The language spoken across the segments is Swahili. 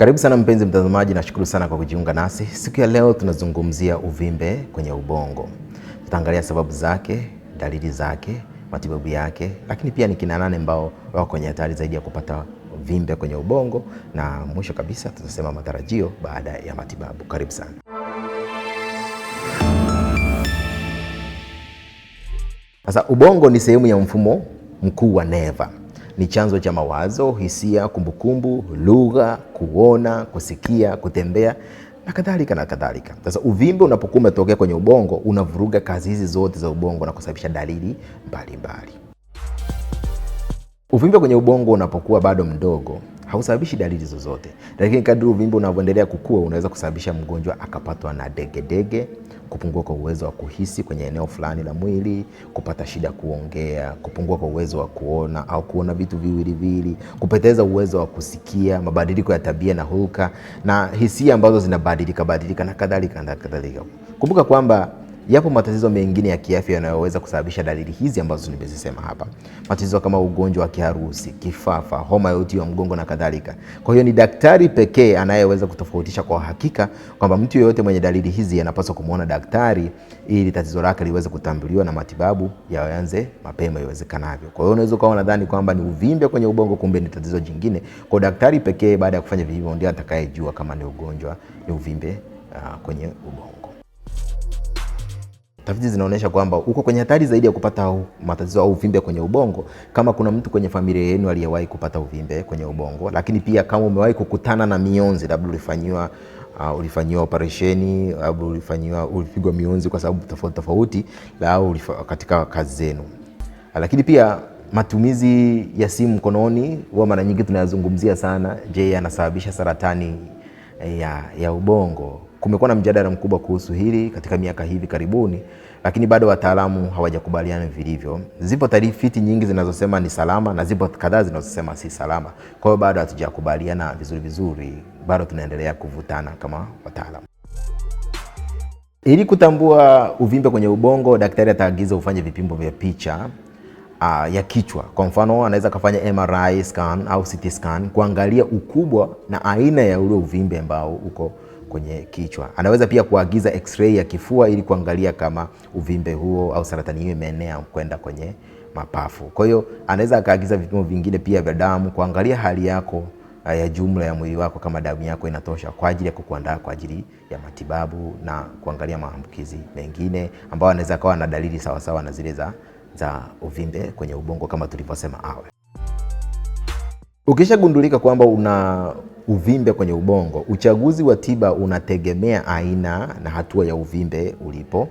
Karibu sana mpenzi mtazamaji, nashukuru sana kwa kujiunga nasi siku ya leo. Tunazungumzia uvimbe kwenye ubongo, tutaangalia sababu zake, dalili zake, matibabu yake, lakini pia ni kina nane ambao wako kwenye hatari zaidi ya kupata vimbe kwenye ubongo, na mwisho kabisa tutasema matarajio baada ya matibabu. Karibu sana. Sasa ubongo ni sehemu ya mfumo mkuu wa neva ni chanzo cha mawazo, hisia, kumbukumbu, lugha, kuona, kusikia, kutembea na kadhalika na kadhalika. Sasa uvimbe unapokuwa umetokea kwenye ubongo, unavuruga kazi hizi zote za ubongo na kusababisha dalili mbalimbali. Uvimbe kwenye ubongo unapokuwa bado mdogo hausababishi dalili zozote, lakini kadri uvimbe unavyoendelea kukua unaweza kusababisha mgonjwa akapatwa na degedege, kupungua kwa uwezo wa kuhisi kwenye eneo fulani la mwili, kupata shida kuongea, kupungua kwa uwezo wa kuona au kuona vitu viwili viwili, kupoteza uwezo wa kusikia, mabadiliko ya tabia na hulka, na hisia ambazo zinabadilika badilika na kadhalika na kadhalika. Kumbuka kwamba Yapo matatizo mengine ya kiafya yanayoweza kusababisha dalili hizi ambazo nimezisema hapa, matatizo kama ugonjwa wa kiharusi, kifafa, homa ya uti wa mgongo na kadhalika. Kwa hiyo ni daktari pekee anayeweza kutofautisha kwa hakika kwamba mtu yeyote mwenye dalili hizi anapaswa kumwona daktari ili tatizo lake liweze kutambuliwa na matibabu yaanze mapema iwezekanavyo. Kwa hiyo unaweza ukawa unadhani kwamba ni uvimbe kwenye ubongo, kumbe ni tatizo jingine. Kwa daktari pekee baada ya kufanya vipimo ndio atakayejua kama ni ugonjwa, ni uvimbe uh, kwenye ubongo. Tafiti zinaonyesha kwamba uko kwenye hatari zaidi ya kupata matatizo au uvimbe kwenye ubongo kama kuna mtu kwenye familia yenu aliyewahi kupata uvimbe kwenye ubongo, lakini pia kama umewahi kukutana na mionzi, labda ulifanyiwa Uh, ulifanyiwa operesheni labda ulifanyiwa ulipigwa mionzi kwa sababu tofauti tofauti, au katika kazi zenu. Lakini pia matumizi ya simu mkononi huwa mara nyingi tunayazungumzia sana. Je, yanasababisha saratani eh, ya, ya ubongo? Kumekuwa na mjadala mkubwa kuhusu hili katika miaka hivi karibuni, lakini bado wataalamu hawajakubaliana vilivyo. Zipo tafiti nyingi zinazosema ni salama na zipo kadhaa zinazosema si salama. Kwa hiyo bado hatujakubaliana vizuri vizuri, bado tunaendelea kuvutana kama wataalamu. Ili kutambua uvimbe kwenye ubongo, daktari ataagiza ufanye vipimo vya picha Uh, ya kichwa kwa mfano, anaweza kafanya MRI scan au CT scan kuangalia ukubwa na aina ya ule uvimbe ambao uko kwenye kichwa. Anaweza pia kuagiza x-ray ya kifua ili kuangalia kama uvimbe huo au saratani hiyo imeenea kwenda kwenye mapafu. Kwa hiyo anaweza akaagiza vipimo vingine pia vya damu kuangalia hali yako eh, ya jumla ya mwili wako, kama damu yako inatosha kwa ajili ya kukuandaa kwa ajili ya matibabu na kuangalia maambukizi mengine ambayo anaweza akawa na dalili sawasawa na zile za, za uvimbe kwenye ubongo kama tulivyosema awali. Ukishagundulika kwamba una uvimbe kwenye ubongo. Uchaguzi wa tiba unategemea aina na hatua ya uvimbe ulipo.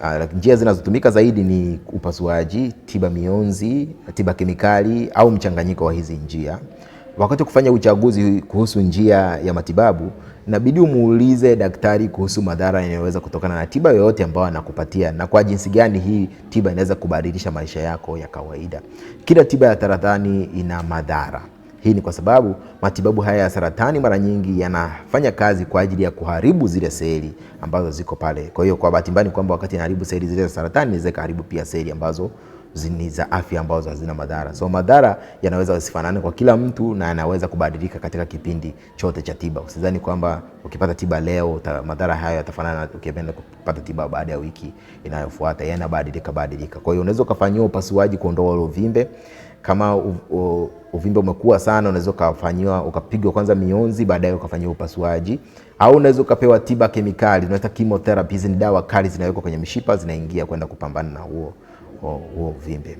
Uh, njia zinazotumika zaidi ni upasuaji, tiba mionzi, tiba kemikali au mchanganyiko wa hizi njia. Wakati wa kufanya uchaguzi kuhusu njia ya matibabu, inabidi umuulize daktari kuhusu madhara yanayoweza kutokana na tiba yoyote ambayo anakupatia na kwa jinsi gani hii tiba inaweza kubadilisha maisha yako ya kawaida. Kila tiba ya saratani ina madhara. Hii ni kwa sababu matibabu haya ya saratani mara nyingi yanafanya kazi kwa ajili ya kuharibu zile seli ambazo ziko pale. Kwa hiyo kwa bahati mbaya ni kwamba wakati inaharibu seli zile za saratani inaweza ikaharibu pia seli ambazo ni za afya ambazo hazina madhara. So madhara yanaweza yasifanane kwa kila mtu na yanaweza kubadilika katika kipindi chote cha tiba. Usidhani kwamba ukipata tiba leo madhara hayo yatafanana na ukienda kupata tiba baada ya wiki inayofuata, yanabadilika badilika. Kwa hiyo unaweza ukafanyiwa upasuaji kuondoa ule uvimbe kama uvimbe umekuwa sana, unaweza ukafanyiwa ukapigwa kwanza mionzi, baadaye ukafanyiwa upasuaji, au unaweza ukapewa tiba kemikali, unaita chemotherapy. Hizi ni dawa kali zinawekwa kwenye mishipa, zinaingia kwenda kupambana na huo kwa huo uvimbe.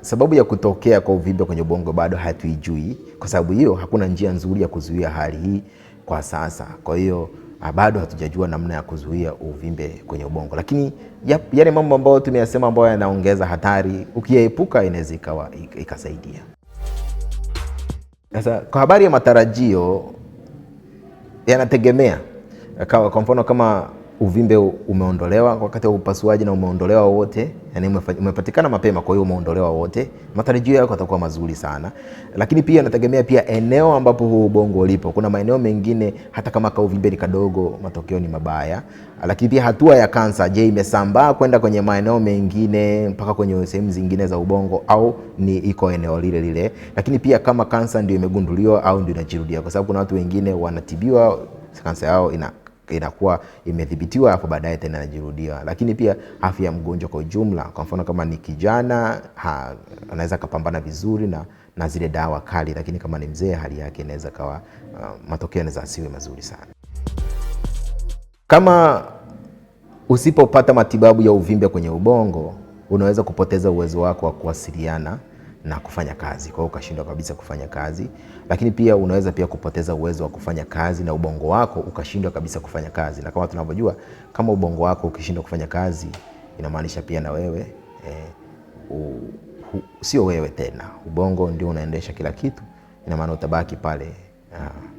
Sababu ya kutokea kwa uvimbe kwenye ubongo bado hatuijui, kwa sababu hiyo hakuna njia nzuri ya kuzuia hali hii kwa sasa. Kwa hiyo ah, bado hatujajua namna ya kuzuia uvimbe kwenye ubongo, lakini yale mambo ambayo tumeyasema ambayo yanaongeza hatari, ukiyaepuka inaweza ikawa ikasaidia. Sasa kwa habari ya matarajio, yanategemea kwa mfano kama uvimbe umeondolewa wakati wa upasuaji na umeondolewa wote, yani umepatikana mapema, kwa hiyo umeondolewa wote, matarajio yako yatakuwa mazuri sana. Lakini pia nategemea pia eneo ambapo huo ubongo ulipo. Kuna maeneo mengine hata kama uvimbe ni kadogo, matokeo ni mabaya. Lakini pia hatua ya kansa, je, imesambaa kwenda kwenye maeneo mengine mpaka kwenye sehemu zingine za ubongo au ni iko eneo lile lile? Lakini pia kama kansa ndio imegunduliwa au ndio inajirudia, kwa sababu kuna watu wengine wanatibiwa kansa yao ina inakuwa imedhibitiwa, hapo baadaye tena inajirudiwa Lakini pia afya ya mgonjwa kwa ujumla, kwa mfano kama ni kijana ha, anaweza kapambana vizuri na, na zile dawa kali, lakini kama ni mzee hali yake inaweza kawa uh, matokeo yanaweza asiwe mazuri sana. Kama usipopata matibabu ya uvimbe kwenye ubongo, unaweza kupoteza uwezo wako wa kuwasiliana na kufanya kazi, kwa hiyo ukashindwa kabisa kufanya kazi. Lakini pia unaweza pia kupoteza uwezo wa kufanya kazi na ubongo wako ukashindwa kabisa kufanya kazi, na kama tunavyojua, kama ubongo wako ukishindwa kufanya kazi, inamaanisha pia na wewe eh, sio wewe tena. Ubongo ndio unaendesha kila kitu, ina maana utabaki pale uh,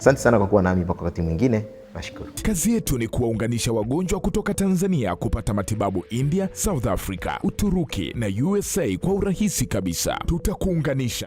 Asante sana kwa kuwa nami mpaka wakati mwingine. Nashukuru. Kazi yetu ni kuwaunganisha wagonjwa kutoka Tanzania kupata matibabu India, South Africa, Uturuki na USA kwa urahisi kabisa. Tutakuunganisha.